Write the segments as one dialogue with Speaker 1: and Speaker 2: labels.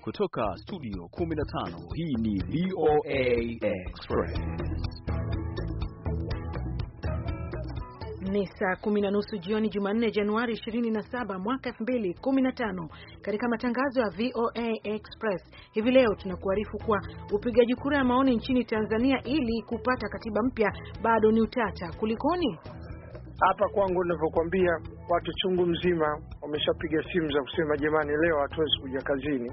Speaker 1: Kutoka studio 15 hii ni VOA Express.
Speaker 2: Ni saa kumi na nusu jioni Jumanne, Januari 27 mwaka 2015. Katika matangazo ya VOA Express hivi leo tunakuarifu kuwa upigaji kura ya maoni nchini Tanzania ili kupata katiba mpya bado ni utata. Kulikoni?
Speaker 3: Hapa kwangu ninavyokwambia, watu chungu mzima wameshapiga simu za kusema jamani, leo hatuwezi kuja kazini.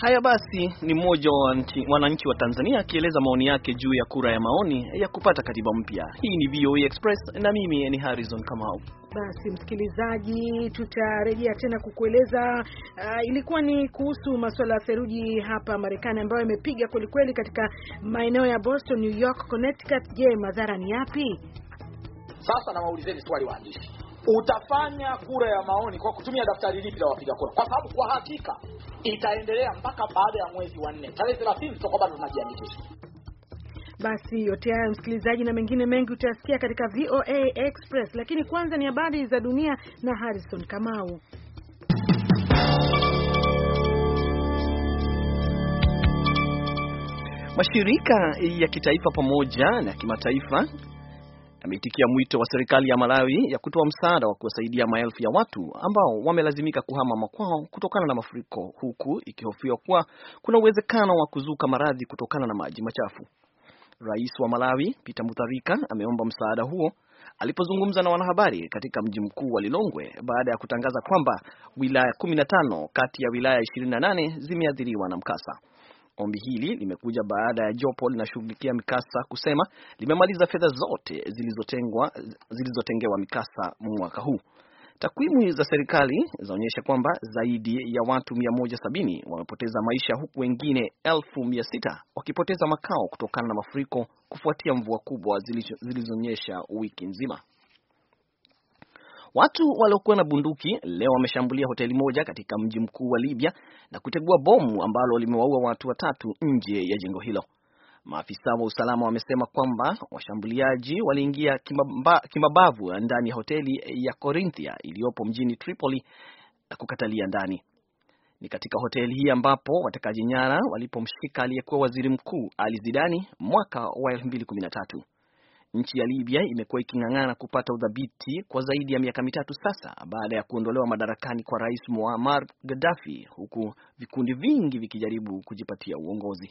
Speaker 2: Haya basi, ni mmoja
Speaker 1: wa wananchi wa Tanzania akieleza maoni yake juu ya kura ya maoni ya kupata katiba mpya. Hii ni VOA e Express na mimi ni Harrison Kamau.
Speaker 2: Basi msikilizaji, tutarejea tena kukueleza. Uh, ilikuwa ni kuhusu masuala ya theluji hapa Marekani ambayo yamepiga kwelikweli katika maeneo ya Boston, New York, Connecticut. Je, madhara ni yapi?
Speaker 4: Sasa nawaulizeni swali waandishi, utafanya kura ya maoni kwa kutumia daftari lipi la wapiga kura? Kwa sababu kwa hakika itaendelea mpaka baada ya mwezi wa nne, tarehe thelathini tutakuwa bado tunajiandikisha.
Speaker 2: Basi yote haya msikilizaji, na mengine mengi utayasikia katika VOA Express, lakini kwanza ni habari za dunia na Harrison Kamau.
Speaker 1: Mashirika ya kitaifa pamoja na kimataifa ameitikia mwito wa serikali ya Malawi ya kutoa msaada wa kuwasaidia maelfu ya watu ambao wamelazimika kuhama makwao kutokana na mafuriko, huku ikihofiwa kuwa kuna uwezekano wa kuzuka maradhi kutokana na maji machafu. Rais wa Malawi Peter Mutharika ameomba msaada huo alipozungumza na wanahabari katika mji mkuu wa Lilongwe baada ya kutangaza kwamba wilaya 15 kati ya wilaya 28 zimeathiriwa na mkasa. Ombi hili limekuja baada ya jopo linashughulikia mikasa kusema limemaliza fedha zote zilizotengwa zilizotengewa mikasa mwaka huu. Takwimu za serikali zaonyesha kwamba zaidi ya watu 170 wamepoteza maisha huku wengine 600,000 wakipoteza makao kutokana na mafuriko kufuatia mvua kubwa zilizonyesha wiki nzima. Watu waliokuwa na bunduki leo wameshambulia hoteli moja katika mji mkuu wa Libya na kutegua bomu ambalo limewaua watu watatu nje ya jengo hilo. Maafisa wa usalama wamesema kwamba washambuliaji waliingia kimabavu ndani ya hoteli ya Corinthia iliyopo mjini Tripoli na kukatalia ndani. Ni katika hoteli hii ambapo watekaji nyara walipomshika aliyekuwa waziri mkuu Ali Zidani mwaka wa 2013. Nchi ya Libya imekuwa iking'ang'ana kupata udhabiti kwa zaidi ya miaka mitatu sasa baada ya kuondolewa madarakani kwa Rais Muammar Gaddafi, huku vikundi vingi vikijaribu kujipatia uongozi.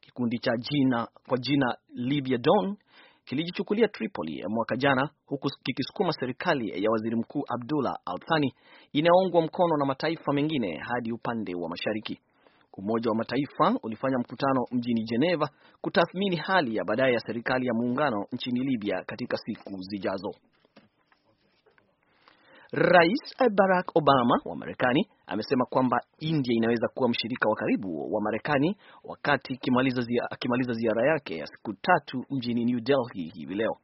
Speaker 1: Kikundi cha jina kwa jina Libya Dawn kilijichukulia Tripoli mwaka jana, huku kikisukuma serikali ya Waziri Mkuu Abdullah althani inayoungwa mkono na mataifa mengine hadi upande wa mashariki. Umoja wa Mataifa ulifanya mkutano mjini Geneva kutathmini hali ya baadaye ya serikali ya muungano nchini Libya katika siku zijazo.
Speaker 5: Rais Barack
Speaker 1: Obama wa Marekani amesema kwamba India inaweza kuwa mshirika wa karibu wa Marekani wakati akimaliza ziara yake ya siku tatu mjini New Delhi hivi leo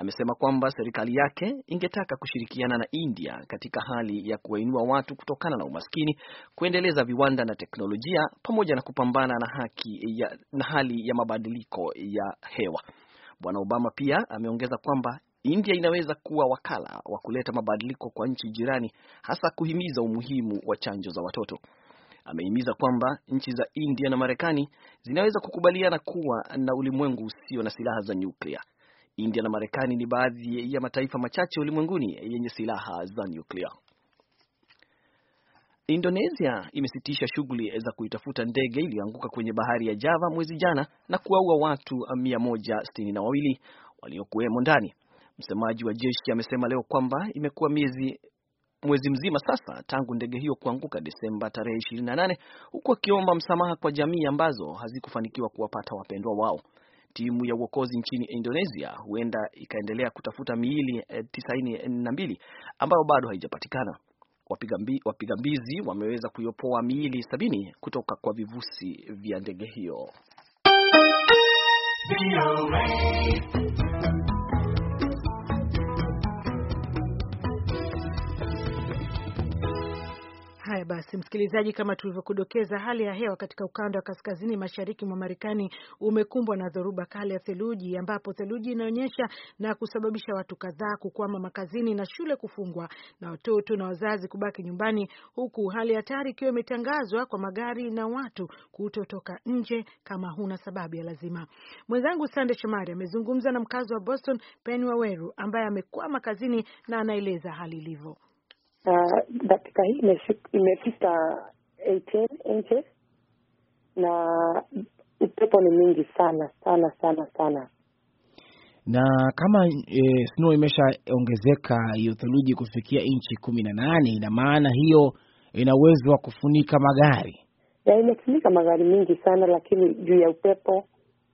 Speaker 1: amesema kwamba serikali yake ingetaka kushirikiana na India katika hali ya kuwainua watu kutokana na umaskini, kuendeleza viwanda na teknolojia, pamoja na kupambana na, haki ya, na hali ya mabadiliko ya hewa. Bwana Obama pia ameongeza kwamba India inaweza kuwa wakala wa kuleta mabadiliko kwa nchi jirani, hasa kuhimiza umuhimu wa chanjo za watoto. Amehimiza kwamba nchi za India na Marekani zinaweza kukubaliana kuwa na ulimwengu usio na silaha za nyuklia. India na Marekani ni baadhi ya mataifa machache ulimwenguni yenye silaha za nyuklia. Indonesia imesitisha shughuli za kuitafuta ndege iliyoanguka kwenye bahari ya Java mwezi jana na kuwaua watu wawili waliokuwemo ndani. Msemaji wa jeshi amesema leo kwamba imekuwa miezi mwezi mzima sasa tangu ndege hiyo kuanguka Desemba tarehe 28, huku akiomba msamaha kwa jamii ambazo hazikufanikiwa kuwapata wapendwa wao. Timu ya uokozi nchini Indonesia huenda ikaendelea kutafuta miili eh, tisaini eh, na mbili ambayo bado haijapatikana. Wapiga mbizi wameweza kuiopoa miili sabini kutoka kwa vivusi vya ndege hiyo.
Speaker 2: basi, msikilizaji, kama tulivyokudokeza, hali ya hewa katika ukanda wa kaskazini mashariki mwa Marekani umekumbwa na dhoruba kali ya theluji, ambapo theluji inaonyesha na kusababisha watu kadhaa kukwama makazini na shule kufungwa na watoto na wazazi kubaki nyumbani, huku hali hatari ikiwa imetangazwa kwa magari na watu kutotoka nje kama huna sababu ya lazima. Mwenzangu Sande Shomari amezungumza na mkazi wa Boston, Penny Waweru, ambaye amekwama kazini na anaeleza hali ilivyo
Speaker 6: dakika uh, hii imefika 18 inches na upepo ni mingi sana sana sana sana
Speaker 7: na kama e, snow imeshaongezeka hiyo theluji kufikia inchi kumi na nane, ina maana hiyo ina uwezo wa kufunika magari.
Speaker 6: Imefunika magari mingi sana, lakini juu ya upepo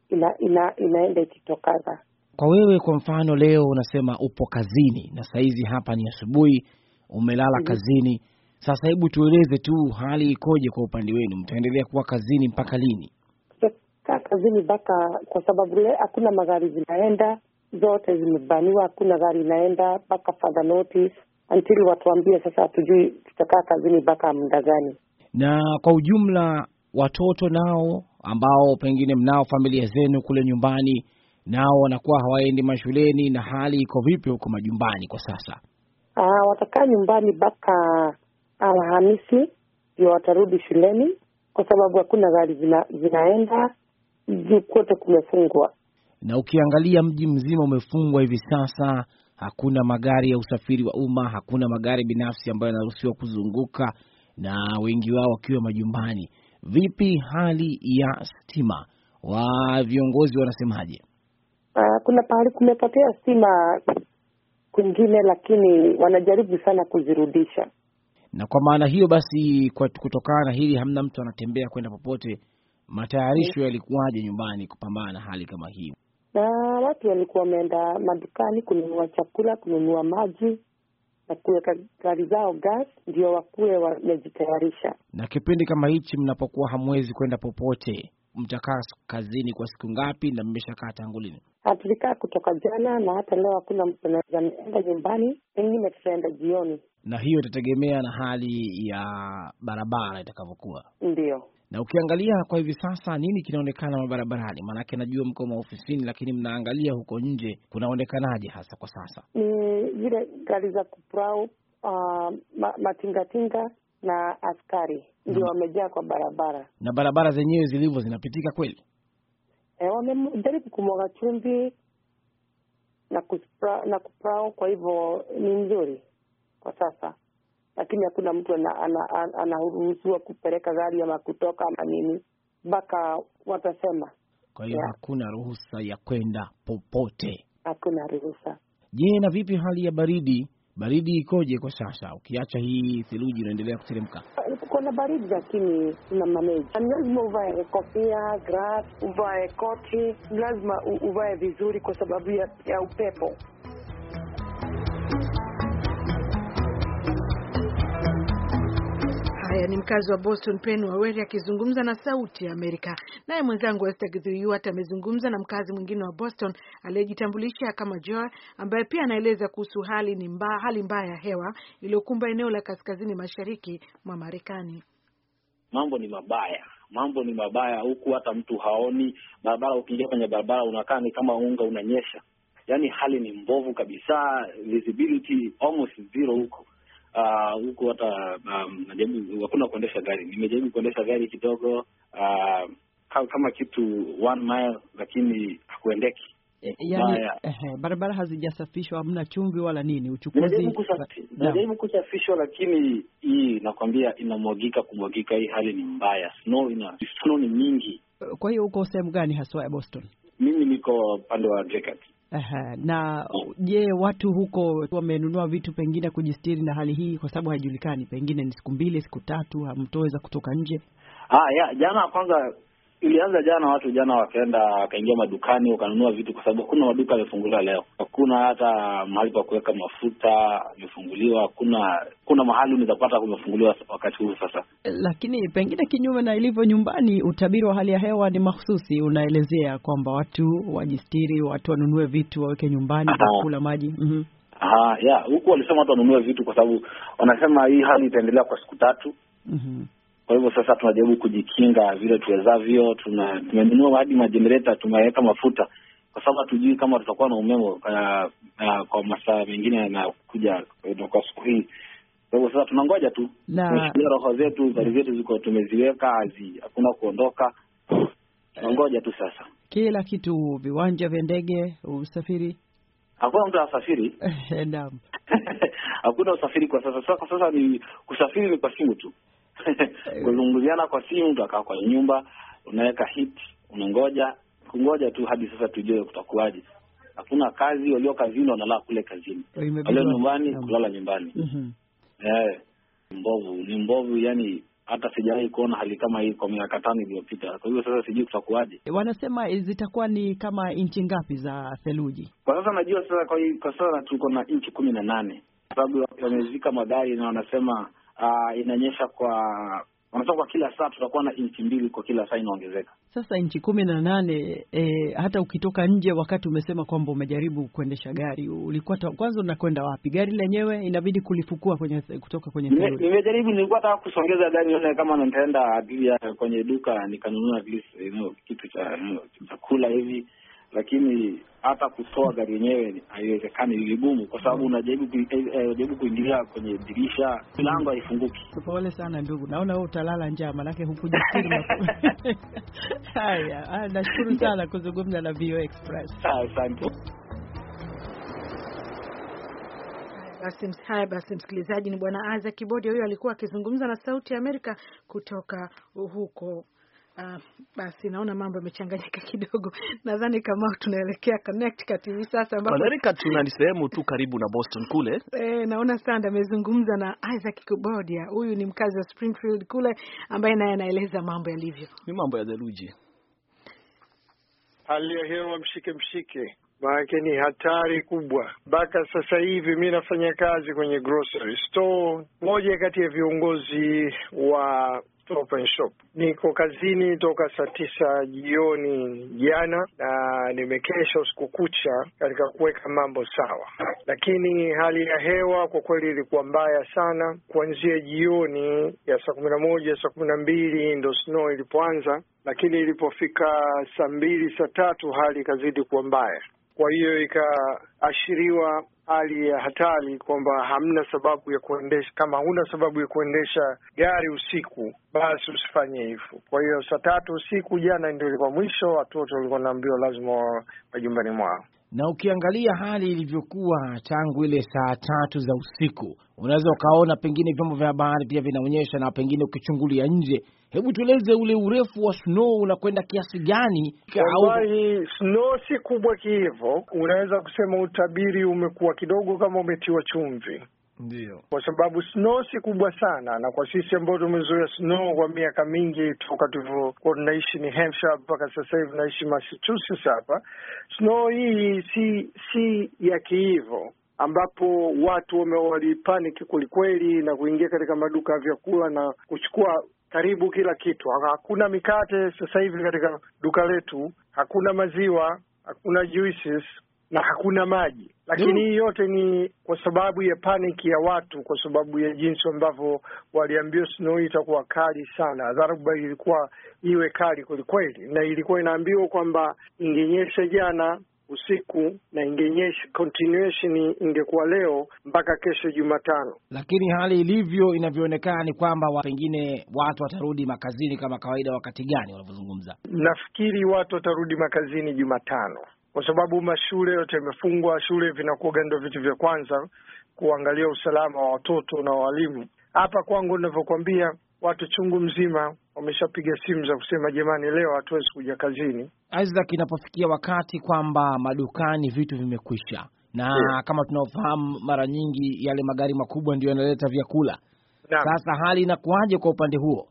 Speaker 6: ina, ina, inaenda ikitokaza.
Speaker 7: Kwa wewe, kwa mfano, leo unasema upo kazini na saizi hapa ni asubuhi, umelala mm-hmm. kazini. Sasa hebu tueleze tu hali ikoje kwa upande wenu, mtaendelea kuwa kazini mpaka lini?
Speaker 6: Tutakaa kazini mpaka, kwa sababu hakuna magari zinaenda, zote zimebaniwa, hakuna gari inaenda mpaka further notice until watuambie. Sasa hatujui tutakaa kazini mpaka muda gani.
Speaker 7: Na kwa ujumla watoto nao ambao pengine mnao familia zenu kule nyumbani, nao wanakuwa hawaendi mashuleni, na hali iko vipi huko majumbani kwa sasa?
Speaker 6: Uh, watakaa nyumbani mpaka Alhamisi ndio watarudi shuleni, kwa sababu hakuna gari zina, zinaenda juu, kote kumefungwa.
Speaker 7: Na ukiangalia mji mzima umefungwa hivi sasa, hakuna magari ya usafiri wa umma, hakuna magari binafsi ambayo yanaruhusiwa kuzunguka, na wengi wao wakiwa majumbani. Vipi hali ya stima, wa viongozi wanasemaje?
Speaker 6: Uh, kuna pahali kumepotea stima kwingine, lakini wanajaribu sana kuzirudisha.
Speaker 7: Na kwa maana hiyo basi, kwa kutokana na hili, hamna mtu anatembea kwenda popote. Matayarisho yalikuwaje nyumbani kupambana na hali kama hii?
Speaker 6: Na watu walikuwa wameenda madukani kununua chakula, kununua maji na kuweka gari zao gas, ndio wakuwe wamejitayarisha.
Speaker 7: Na kipindi kama hichi mnapokuwa hamwezi kwenda popote, mtakaa kazini kwa siku ngapi na mmeshakaa tangu lini?
Speaker 6: Tulikaa kutoka jana na hata leo hakuna mtu anaweza enda nyumbani, pengine tutaenda jioni,
Speaker 7: na hiyo itategemea na hali ya barabara itakavyokuwa. ndio Na ukiangalia kwa hivi sasa, nini kinaonekana mabarabarani? Maanake najua mko maofisini, lakini mnaangalia huko nje kunaonekanaje hasa kwa sasa?
Speaker 6: Ni zile gari za kuprau, uh, matingatinga na askari ndio mm. wamejaa kwa barabara,
Speaker 7: na barabara zenyewe zilivyo zinapitika kweli.
Speaker 6: E, wamejaribu kumwaga chumvi na kuspra, na kuprao, kwa hivyo ni nzuri kwa sasa, lakini hakuna mtu anaruhusiwa kupeleka gari ama kutoka ama nini mpaka watasema.
Speaker 7: Kwa hiyo yeah. hakuna ruhusa ya kwenda popote,
Speaker 6: hakuna ruhusa.
Speaker 7: Je, na vipi hali ya baridi baridi ikoje kwa sasa, ukiacha hii theluji inaendelea kuteremka?
Speaker 6: Kuna baridi lakini tuna manage. Lazima uvae kofia, grass, uvae koti, lazima uvae vizuri kwa sababu ya, ya upepo.
Speaker 2: ni mkazi wa Boston Pen Waweri akizungumza na Sauti ya Amerika. Naye mwenzangu Esther Githuiwat amezungumza na mkazi mwingine wa Boston aliyejitambulisha kama Joe, ambaye pia anaeleza kuhusu hali ni mba, hali mbaya ya hewa iliyokumba eneo la kaskazini mashariki mwa Marekani.
Speaker 8: Mambo ni mabaya, mambo ni mabaya huku, hata mtu haoni barabara. Ukiingia kwenye barabara unakaa ni kama unga unanyesha, yaani hali ni mbovu kabisa, visibility almost zero huko Ah, huku uh, hata um, najaribu hakuna kuendesha gari. Nimejaribu kuendesha gari kidogo uh, kama kitu one mile, lakini hakuendeki. Eh, eh, yani,
Speaker 5: eh, barabara hazijasafishwa, hamna chumvi wala nini, uchukuzi.
Speaker 8: Najaribu kusafishwa, lakini hii nakwambia, inamwagika kumwagika. Hii hali ni mbaya, snow ina snow ni mingi.
Speaker 5: Kwa hiyo uko sehemu gani haswa ya Boston?
Speaker 8: Mimi niko upande wa
Speaker 5: Aha. Na je, watu huko wamenunua vitu pengine kujistiri na hali hii, kwa sababu haijulikani, pengine ni siku mbili siku tatu hamtoweza kutoka nje?
Speaker 8: Ah, ya, jana kwanza ilianza jana, watu jana wakaenda wakaingia madukani wakanunua vitu, kwa sababu hakuna maduka yamefunguliwa leo hakuna hata mahali pa kuweka mafuta, amefunguliwa Hakuna kuna mahali unaweza pata kumefunguliwa wakati huu sasa.
Speaker 5: Lakini pengine kinyume na ilivyo nyumbani, utabiri wa hali ya hewa ni mahususi, unaelezea kwamba watu wajistiri, watu wanunue vitu waweke nyumbani, vyakula, maji. mm-hmm.
Speaker 8: Aha, ya huku walisema watu wanunue vitu kwa sababu wanasema hii hali itaendelea kwa siku tatu. mm-hmm. Kwa hivyo sasa tunajaribu kujikinga vile tuwezavyo, tumenunua hadi majenereta tumeweka mafuta kwa sababu hatujui kama tutakuwa na umeme uh, uh, kwa masaa mengine yanayokuja kwa siku hii. Kwa hivyo sasa tunangoja tu, tumeshikilia roho zetu, gari zetu ziko tumeziweka hazi, hakuna kuondoka, tunangoja tu sasa.
Speaker 5: Kila kitu, viwanja vya ndege, usafiri,
Speaker 8: hakuna mtu asafiri eh, naam hakuna usafiri kwa sasa. Sasa kwa sasa ni kusafiri ni kwa simu tu kuzungumziana kwa simu, utakaa kwa nyumba, unaweka hit, unangoja kungoja tu hadi sasa tujue kutakuwaje. Hakuna kazi, walio kazini wanalaa kule kazini, walio nyumbani kulala nyumbani. mm -hmm. Eh, mbovu ni mbovu, yani hata sijawahi kuona hali kama hii kwa miaka tano iliyopita. Kwa hivyo sasa sijui kutakuwaje. Eh,
Speaker 5: wanasema eh, zitakuwa ni kama nchi ngapi za theluji
Speaker 8: kwa sasa? Najua sasa kwa, kwa sasa tuko na nchi kumi na nane sababu wamezika magari na wanasema uh, inanyesha kwa wanasema kwa kila saa tutakuwa na nchi mbili, kwa kila saa inaongezeka
Speaker 5: sasa nchi kumi na nane. E, hata ukitoka nje, wakati umesema kwamba umejaribu kuendesha gari, ulikuwa kwanza unakwenda wapi? Gari lenyewe inabidi kulifukua kwenye, kutoka kwenye. Nimejaribu,
Speaker 8: nilikuwa taka kusongeza gari nione kama nitaenda kwenye duka nikanunua you know, kitu cha chakula hivi lakini hata kutoa gari yenyewe haiwezekani, vigumu, kwa sababu unajaribu eh, eh, unajaribu kuingilia kwenye dirisha, milango haifunguki.
Speaker 5: Pole sana ndugu, naona wewe utalala njaa, manake hukujistiri. Haya, nashukuru sana kuzungumza na VOA Express, asante.
Speaker 2: Haya basi, msikilizaji, ni Bwana Aza Kibodi, huyo alikuwa akizungumza na Sauti ya Amerika kutoka huko Uh, basi naona mambo yamechanganyika kidogo. Nadhani kama tunaelekea Connecticut hivi sasa, ambapo Connecticut
Speaker 1: tuna ni sehemu tu karibu na Boston kule.
Speaker 2: Eh, naona Sanda amezungumza na Isaac Kubodia, huyu ni mkazi wa Springfield kule, ambaye naye anaeleza mambo yalivyo. Ni mambo ya theluji,
Speaker 3: hali ya hewa mshike mshike maanake ni hatari kubwa. Mpaka sasa hivi mi nafanya kazi kwenye grocery store. Moja kati ya viongozi wa open shop. Niko kazini toka saa tisa jioni jana na nimekesha usiku kucha katika kuweka mambo sawa, lakini hali ya hewa kwa kweli ilikuwa mbaya sana. Kuanzia jioni ya saa kumi na moja saa kumi na mbili ndo snow ilipoanza, lakini ilipofika saa mbili saa tatu hali ikazidi kuwa mbaya, kwa hiyo ikaashiriwa hali ya hatari kwamba hamna sababu ya kuendesha. Kama huna sababu ya kuendesha gari usiku, basi usifanye hivyo. Kwa hiyo saa tatu usiku jana ndio ilikuwa mwisho, watoto walikuwa naambiwa lazima wajumbani mwao
Speaker 7: na ukiangalia hali ilivyokuwa tangu ile saa tatu za usiku, unaweza ukaona pengine vyombo vya habari pia vinaonyesha, na pengine ukichungulia nje. Hebu tueleze ule urefu wa snow unakwenda kiasi gani?
Speaker 3: Wallahi, snow si kubwa kihivo unaweza kusema utabiri umekuwa kidogo kama umetiwa chumvi. Ndiyo, kwa sababu snow si kubwa sana, na kwa sisi ambao tumezoea snow kwa miaka mingi toka tulivyokuwa tunaishi ni Hampshire mpaka sasa hivi naishi Massachusetts hapa, snow hii si si ya kiivo ambapo watu walipaniki kwelikweli na kuingia katika maduka ya vyakula na kuchukua karibu kila kitu. Hakuna mikate sasa hivi katika duka letu, hakuna maziwa, hakuna juices na hakuna maji, lakini mm. hii yote ni kwa sababu ya paniki ya watu, kwa sababu ya jinsi ambavyo waliambiwa snow itakuwa kali sana. Dharuba ilikuwa iwe kali kwelikweli, na ilikuwa inaambiwa kwamba ingenyesha jana usiku na ingenyesha continuation ingekuwa leo mpaka kesho Jumatano,
Speaker 7: lakini hali ilivyo inavyoonekana ni kwamba wa pengine watu watarudi makazini kama kawaida. Wakati gani
Speaker 3: wanavyozungumza, nafikiri watu watarudi makazini Jumatano kwa sababu mashule yote yamefungwa. Shule vinakuwa ndio vitu vya kwanza kuangalia usalama wa watoto na walimu. Hapa kwangu ninavyokuambia, watu chungu mzima wameshapiga simu za kusema jamani, leo hatuwezi kuja kazini.
Speaker 7: Isaac, inapofikia wakati kwamba madukani vitu vimekwisha na yeah, kama tunaofahamu mara nyingi yale magari makubwa ndio yanaleta vyakula. Sasa hali inakuwaje kwa upande huo?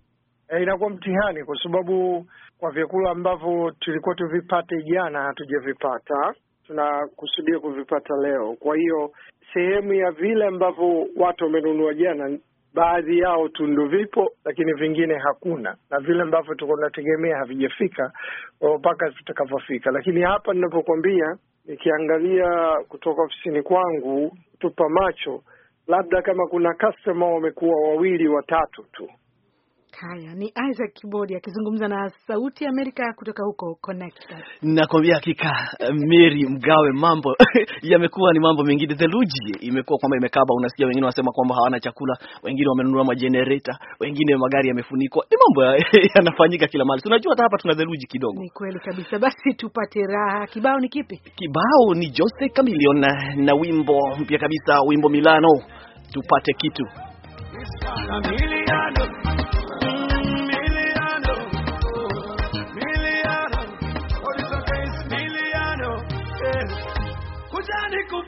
Speaker 3: e, inakuwa mtihani kwa sababu kwa vyakula ambavyo tulikuwa tuvipate jana hatujavipata, tunakusudia kuvipata leo. Kwa hiyo sehemu ya vile ambavyo watu wamenunua jana baadhi yao tu ndo vipo, lakini vingine hakuna, na vile ambavyo tuko tunategemea havijafika mpaka vitakavyofika. Lakini hapa ninapokuambia, nikiangalia kutoka ofisini kwangu, tupa macho, labda kama kuna customer wamekuwa wawili watatu tu,
Speaker 2: Haya, ni Isaac Kibodi akizungumza na Sauti ya Amerika kutoka huko Connecticut.
Speaker 1: Nakwambia hakika, Mary Mgawe, mambo yamekuwa ni mambo mengine. Theluji imekuwa kwamba imekaba, unasikia wengine wanasema kwamba hawana chakula, wengine wamenunua majenereta, wengine magari yamefunikwa. Ni mambo yanafanyika kila mahali, tunajua hata hapa tuna theluji kidogo. Ni kweli kabisa. Basi tupate raha. Kibao ni kipi? Kibao ni Jose Chameleone na, na wimbo mpya kabisa, wimbo Milano. Tupate kitu
Speaker 9: Milano.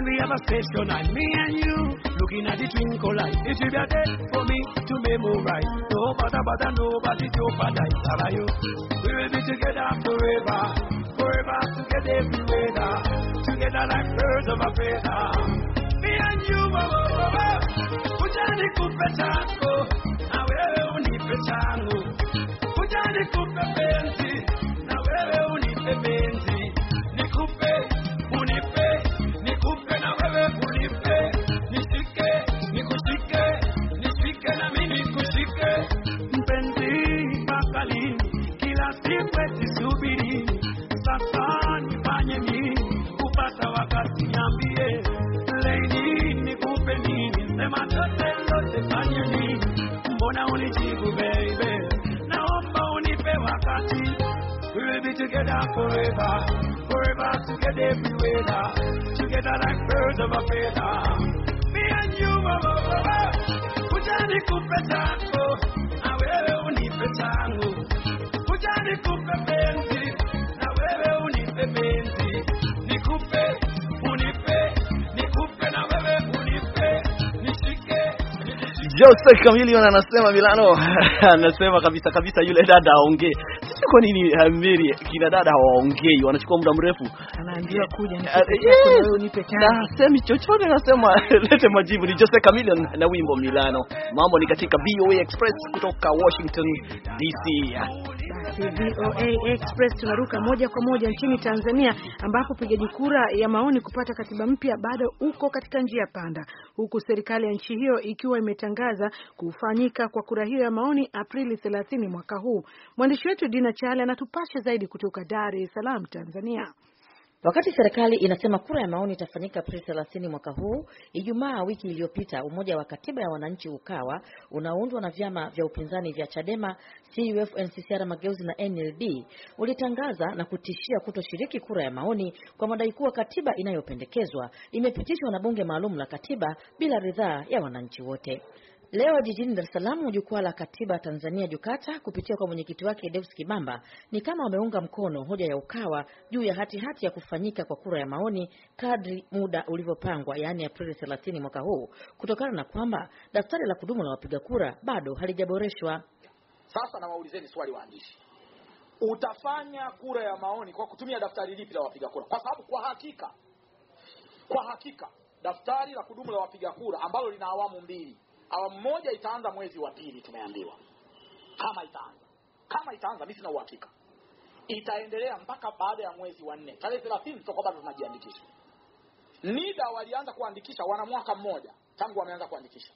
Speaker 9: When we have a station and me and you looking at the twinkle light, it will be a day for me to memorize. No bother, bother, nobody to paradise. How Are We will be together forever, forever together every together like birds of a feather. Me and you, oh, oh, oh, Ujani kupe chango, na wewe unipe chango. Ujani kupe penzi, na wewe unipe penzi. Nikupe now, forever. Forever together everywhere Together like birds of a feather. Me and you, my brother, Kujani kupe chango. Na wewe unipe chango.
Speaker 1: Jose anasema Milano anasema kabisa kabisa, yule dada aongee kwa nini eh, Mary, kina dada hawaongei, wanachukua muda mrefu,
Speaker 5: anaambia kuja nipe na semi chochote, nasema
Speaker 1: lete majibu. Ni Jose Chameleone na wimbo Milano. Mambo ni katika VOA Express kutoka Washington DC.
Speaker 2: Basi VOA Express tunaruka moja kwa moja nchini Tanzania ambapo upigaji kura ya maoni kupata katiba mpya bado uko katika njia panda, huku serikali ya nchi hiyo ikiwa imetangaza kufanyika kwa kura hiyo ya maoni Aprili 30 mwaka huu. Mwandishi
Speaker 10: wetu Dina Chale anatupasha zaidi kutoka Dar es Salaam, Tanzania. Wakati serikali inasema kura ya maoni itafanyika Aprili 30 mwaka huu, Ijumaa wiki iliyopita umoja wa katiba ya wananchi Ukawa unaoundwa na vyama vya upinzani vya Chadema, CUF, NCCR Mageuzi na NLD ulitangaza na kutishia kutoshiriki kura ya maoni kwa madai kuwa katiba inayopendekezwa imepitishwa na bunge maalum la katiba bila ridhaa ya wananchi wote. Leo jijini Dar es Salaam, jukwaa la katiba Tanzania Jukata kupitia kwa mwenyekiti wake Deus Kibamba ni kama wameunga mkono hoja ya Ukawa juu ya hatihati hati ya kufanyika kwa kura ya maoni kadri muda ulivyopangwa, yaani Aprili 30 mwaka huu, kutokana na kwamba daftari la kudumu la wapiga kura bado halijaboreshwa.
Speaker 4: Sasa nawaulizeni swali waandishi, utafanya kura ya maoni kwa kutumia daftari lipi la wapiga kura? Kwa sababu kwa hakika, kwa hakika daftari la kudumu la wapiga kura ambalo lina awamu mbili awamu moja itaanza mwezi wa pili, tumeambiwa kama itaanza, kama itaanza, mimi sina uhakika, itaendelea mpaka baada ya mwezi wa nne, tarehe 30 tutakuwa bado tunajiandikisha. NIDA walianza kuandikisha wana mwaka mmoja tangu wameanza kuandikisha,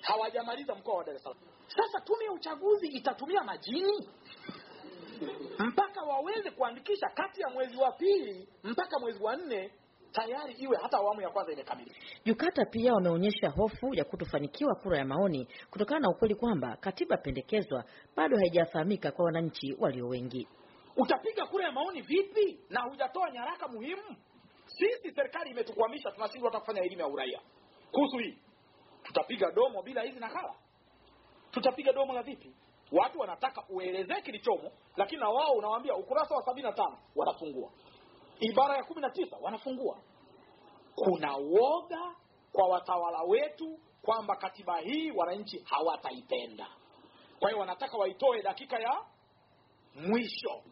Speaker 4: hawajamaliza mkoa wa Dar es Salaam. Sasa tume ya uchaguzi itatumia majini mpaka waweze kuandikisha kati ya mwezi wa pili mpaka mwezi wa nne tayari iwe hata awamu ya kwanza imekamilika.
Speaker 10: Jukata pia wameonyesha hofu ya kutofanikiwa kura ya maoni kutokana na ukweli kwamba katiba pendekezwa bado haijafahamika kwa wananchi walio wengi.
Speaker 4: Utapiga kura ya maoni vipi na hujatoa nyaraka muhimu? Sisi serikali imetukwamisha, tunashindwa hata kufanya elimu ya uraia kuhusu hii. Tutapiga domo bila hizi nakala? Tutapiga domo la vipi? Watu wanataka uelezee kilichomo, lakini na wao unawaambia ukurasa wa sabini na tano wanafungua ibara ya kumi na tisa wanafungua kuna woga kwa watawala wetu kwamba katiba hii wananchi hawataipenda kwa hiyo wanataka waitoe dakika ya
Speaker 10: mwisho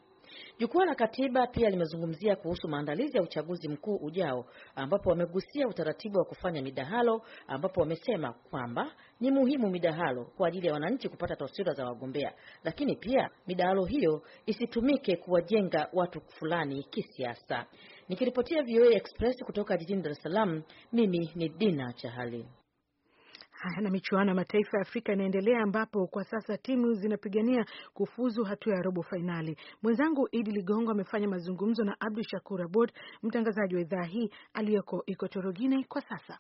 Speaker 10: Jukwaa la Katiba pia limezungumzia kuhusu maandalizi ya uchaguzi mkuu ujao, ambapo wamegusia utaratibu wa kufanya midahalo, ambapo wamesema kwamba ni muhimu midahalo kwa ajili ya wananchi kupata taswira za wagombea, lakini pia midahalo hiyo isitumike kuwajenga watu fulani kisiasa. Nikiripotia VOA Express kutoka jijini Dar es Salaam, mimi ni Dina Chahali na
Speaker 2: michuano ya mataifa ya Afrika inaendelea ambapo kwa sasa timu zinapigania kufuzu hatua ya robo fainali. Mwenzangu Idi Ligongo amefanya mazungumzo na Abdu Shakur Abod, mtangazaji wa idhaa hii aliyoko Ikotoro, kwa sasa.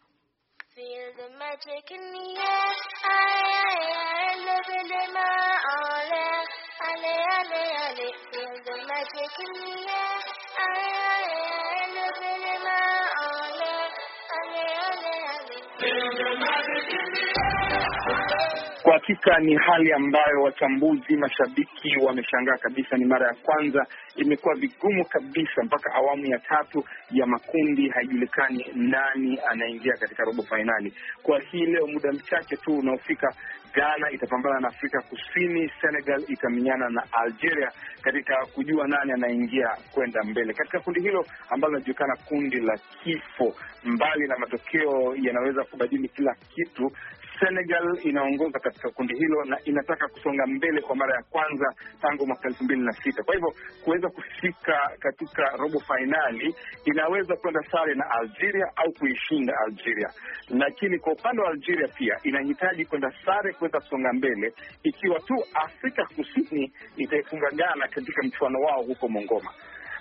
Speaker 11: Kwa hakika ni hali ambayo wachambuzi, mashabiki wameshangaa kabisa. Ni mara ya kwanza, imekuwa vigumu kabisa mpaka awamu ya tatu ya makundi, haijulikani nani anaingia katika robo fainali. Kwa hii leo, muda mchache tu unaofika Ghana itapambana na Afrika Kusini, Senegal itamenyana na Algeria katika kujua nani anaingia kwenda mbele katika kundi hilo ambalo linajulikana kundi la kifo. Mbali na matokeo yanaweza kubadili kila kitu, Senegal inaongoza katika kundi hilo na inataka kusonga mbele kwa mara ya kwanza tangu mwaka elfu mbili na sita. Kwa hivyo kuweza kufika katika robo fainali, inaweza kwenda sare na Algeria au kuishinda Algeria. Lakini kwa upande wa Algeria pia inahitaji kwenda sare kuweza kusonga mbele. Ikiwa tu Afrika Kusini itaifunga Ghana katika mchuano wao huko Mongoma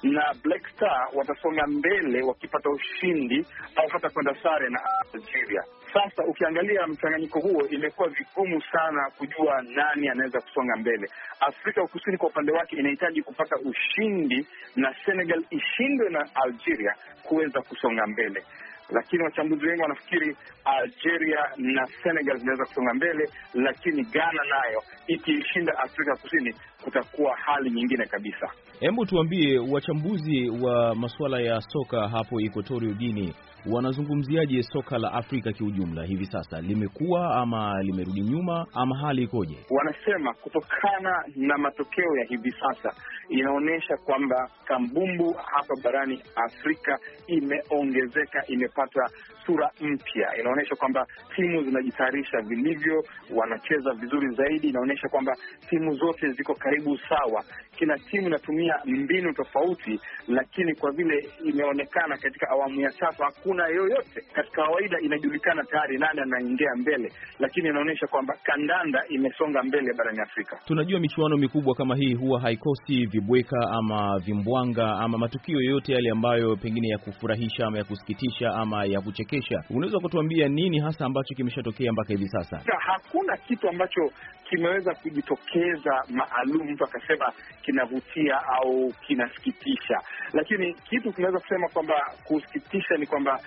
Speaker 11: na Black Star watasonga mbele wakipata ushindi au hata kwenda sare na Algeria. Sasa ukiangalia mchanganyiko huo, imekuwa vigumu sana kujua nani anaweza kusonga mbele. Afrika Kusini kwa upande wake inahitaji kupata ushindi na Senegal ishindwe na Algeria kuweza kusonga mbele, lakini wachambuzi wengi wanafikiri Algeria na Senegal zinaweza kusonga mbele, lakini Ghana nayo ikiishinda Afrika Kusini kutakuwa hali nyingine kabisa.
Speaker 1: Hebu tuambie wachambuzi wa masuala ya soka hapo Equatorial Guinea wanazungumziaje soka la Afrika kiujumla hivi sasa? Limekuwa ama limerudi nyuma ama hali ikoje?
Speaker 11: Wanasema kutokana na matokeo ya hivi sasa inaonyesha kwamba kambumbu hapa barani Afrika imeongezeka, imepata sura mpya, inaonyesha kwamba timu zinajitayarisha vilivyo, wanacheza vizuri zaidi. Inaonyesha kwamba timu zote ziko karibu sawa, kila timu inatumia mbinu tofauti, lakini kwa vile imeonekana katika awamu ya tatu hakuna yoyote katika kawaida, inajulikana tayari nani anaingia mbele, lakini inaonyesha kwamba kandanda imesonga mbele barani Afrika.
Speaker 1: Tunajua michuano mikubwa kama hii huwa haikosi vibweka ama vimbwanga ama matukio yoyote yale ambayo pengine ya kufurahisha ama ya kusikitisha ama ya kuchekesha kesha. Unaweza kutuambia nini hasa ambacho kimeshatokea mpaka hivi sasa?
Speaker 11: Hakuna kitu ambacho kimeweza kujitokeza maalum mtu akasema kinavutia au kinasikitisha, lakini kitu kinaweza kusema kwamba kusikitisha ni kwamba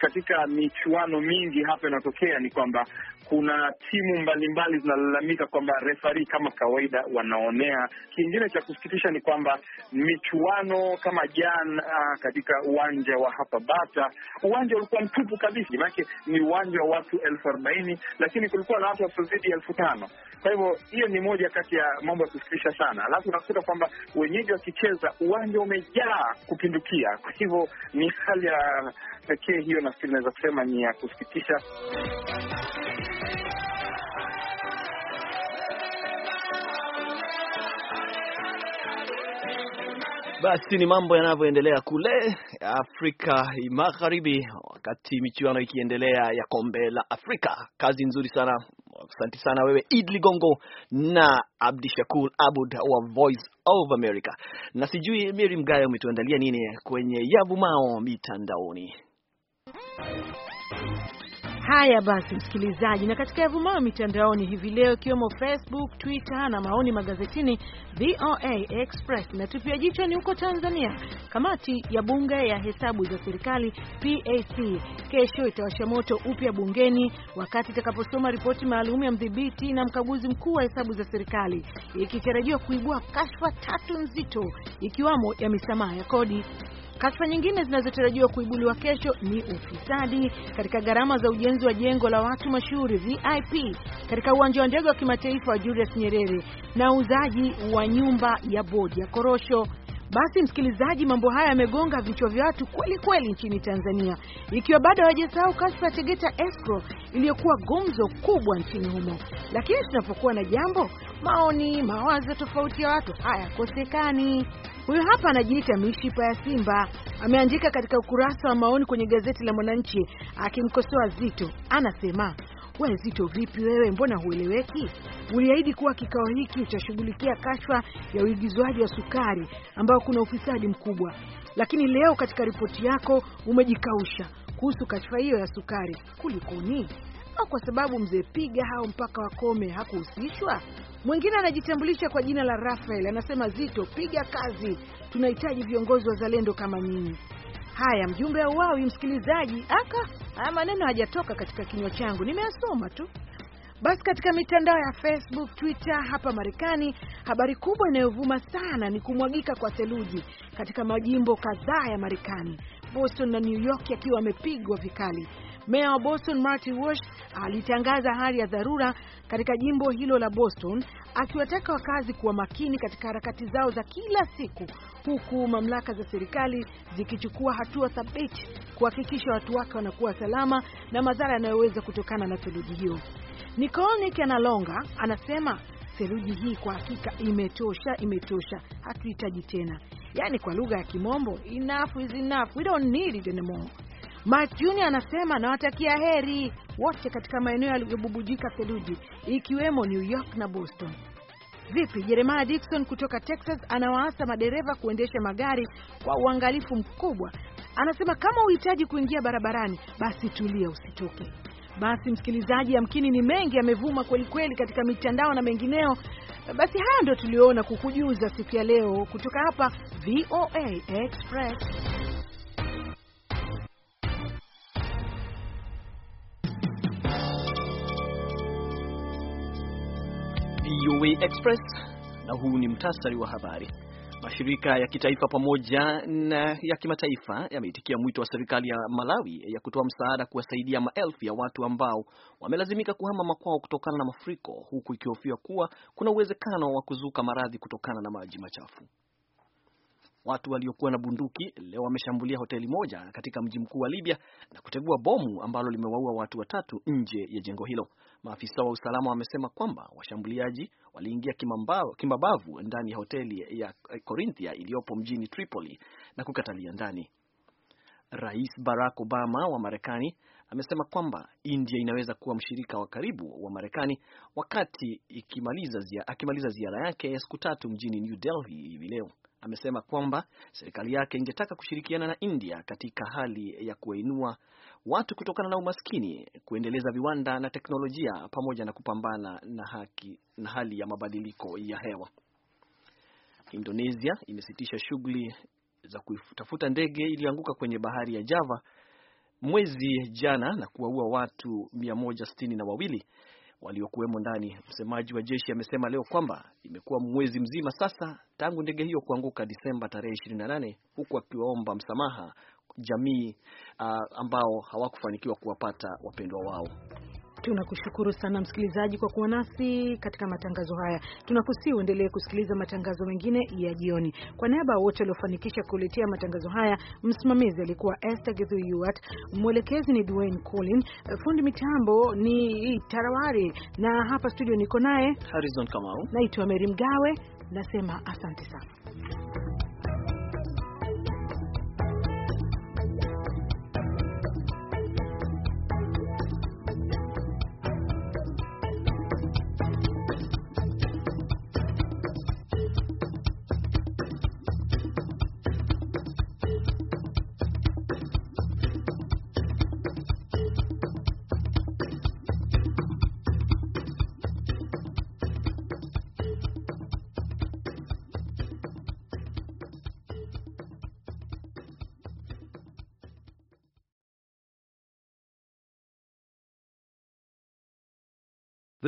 Speaker 11: katika michuano mingi hapa inatokea ni kwamba kuna timu mbalimbali zinalalamika kwamba refari kama kawaida wanaonea. Kingine cha kusikitisha ni kwamba michuano kama jana katika uwanja wa hapa Bata, uwanja ulikuwa mtupu kabisa, manake ni uwanja wa watu elfu arobaini lakini kulikuwa na watu wasiozidi elfu tano kwa hivyo hiyo ni moja kati ya mambo ya kusikitisha sana, alafu unakuta kwamba wenyeji wakicheza uwanja umejaa kupindukia. Kwa hivyo ni hali ya pekee hiyo, nafikiri naweza kusema ni ya kusikitisha.
Speaker 1: Basi ni mambo yanavyoendelea kule Afrika Magharibi, wakati michuano ikiendelea ya kombe la Afrika. Kazi nzuri sana Asante sana wewe Id Ligongo na Abdishakur Abud wa Voice of America. Na sijui Miri Mgayo umetuandalia nini kwenye yavumao mitandaoni?
Speaker 2: Haya basi, msikilizaji, na katika yavumao mitandaoni hivi leo, ikiwemo Facebook, Twitter na maoni magazetini, VOA Express inatupia jicho ni huko Tanzania. Kamati ya bunge ya hesabu za serikali PAC kesho itawasha moto upya bungeni wakati itakaposoma ripoti maalum ya mdhibiti na mkaguzi mkuu wa hesabu za serikali, ikitarajiwa kuibua kashfa tatu nzito, ikiwamo ya misamaha ya kodi. Kashfa nyingine zinazotarajiwa kuibuliwa kesho ni ufisadi katika gharama za ujenzi wa jengo la watu mashuhuri VIP katika uwanja wa ndege wa kimataifa wa Julius Nyerere na uuzaji wa nyumba ya bodi ya korosho. Basi msikilizaji, mambo haya yamegonga vichwa vya watu kweli kweli nchini Tanzania, ikiwa bado hawajasahau kashfa ya Tegeta Escrow iliyokuwa gumzo kubwa nchini humo. Lakini tunapokuwa na jambo, maoni, mawazo tofauti ya watu hayakosekani. Huyu hapa anajiita mishipa ya Simba, ameandika katika ukurasa wa maoni kwenye gazeti la Mwananchi akimkosoa Zito. Anasema we Zito, vipi wewe, mbona hueleweki? Uliahidi kuwa kikao hiki utashughulikia kashfa ya uigizwaji wa sukari ambao kuna ufisadi mkubwa, lakini leo katika ripoti yako umejikausha kuhusu kashfa hiyo ya sukari. Kulikoni? Au kwa sababu mzee Piga hao mpaka wakome hakuhusishwa? Mwingine anajitambulisha kwa jina la Rafael, anasema Zito, piga kazi, tunahitaji viongozi wazalendo kama nyinyi. Haya, mjumbe auawi, msikilizaji aka, haya maneno hajatoka katika kinywa changu, nimeyasoma tu. Basi katika mitandao ya Facebook, Twitter hapa Marekani, habari kubwa inayovuma sana ni kumwagika kwa theluji katika majimbo kadhaa ya Marekani, Boston na New York yakiwa yamepigwa vikali. Meya wa Boston Marty Walsh alitangaza hali ya dharura katika jimbo hilo la Boston, akiwataka wakazi kuwa makini katika harakati zao za kila siku, huku mamlaka za serikali zikichukua hatua thabiti kuhakikisha watu wake wanakuwa salama na madhara yanayoweza kutokana na theluji hiyo. Nicole Kenalonga anasema theluji hii kwa hakika imetosha, imetosha, hatuhitaji tena. Yaani, kwa lugha ya Kimombo, enough is enough, we don't need it anymore. Mark Junior anasema nawatakia heri wote katika maeneo yaliyobubujika theluji ikiwemo New York na Boston. Vipi, Jeremiah Dixon kutoka Texas anawaasa madereva kuendesha magari kwa uangalifu mkubwa. Anasema kama uhitaji kuingia barabarani, basi tulia, usitoke. Basi msikilizaji, yamkini ni mengi yamevuma kwelikweli katika mitandao na mengineo. Basi haya ndio tulioona kukujuza siku ya leo kutoka hapa VOA Express.
Speaker 1: VOA Express na huu ni mtasari wa habari. Mashirika ya kitaifa pamoja na ya kimataifa yameitikia mwito wa serikali ya Malawi ya kutoa msaada kuwasaidia maelfu ya watu ambao wamelazimika kuhama makwao kutokana na mafuriko, huku ikihofiwa kuwa kuna uwezekano wa kuzuka maradhi kutokana na maji machafu. Watu waliokuwa na bunduki leo wameshambulia hoteli moja katika mji mkuu wa Libya na kutegua bomu ambalo limewaua watu watatu nje ya jengo hilo. Maafisa wa usalama wamesema kwamba washambuliaji waliingia kimabavu ndani ya hoteli ya Corinthia iliyopo mjini Tripoli na kukatalia ndani. Rais Barack Obama wa Marekani amesema kwamba India inaweza kuwa mshirika wa karibu wa Marekani wakati akimaliza ziara yake ya siku tatu mjini New Delhi hivi leo amesema kwamba serikali yake ingetaka kushirikiana na India katika hali ya kuwainua watu kutokana na umaskini, kuendeleza viwanda na teknolojia, pamoja na kupambana na haki na hali ya mabadiliko ya hewa. Indonesia imesitisha shughuli za kutafuta ndege iliyoanguka kwenye bahari ya Java mwezi jana na kuwaua watu mia moja sitini na wawili waliokuwemo ndani. Msemaji wa jeshi amesema leo kwamba imekuwa mwezi mzima sasa tangu ndege hiyo kuanguka Disemba tarehe 28, huku akiwaomba msamaha jamii uh, ambao hawakufanikiwa kuwapata wapendwa wao.
Speaker 2: Tunakushukuru sana msikilizaji kwa kuwa nasi katika matangazo haya. Tunakusii uendelee kusikiliza matangazo mengine ya jioni. Kwa niaba ya wote waliofanikisha kuletea matangazo haya, msimamizi alikuwa Esther Githuiwat, mwelekezi ni Dwayne Collin, fundi mitambo ni Tarawari, na hapa studio niko naye
Speaker 1: Harrison Kamau.
Speaker 2: Naitwa Meri Mgawe, nasema asante sana.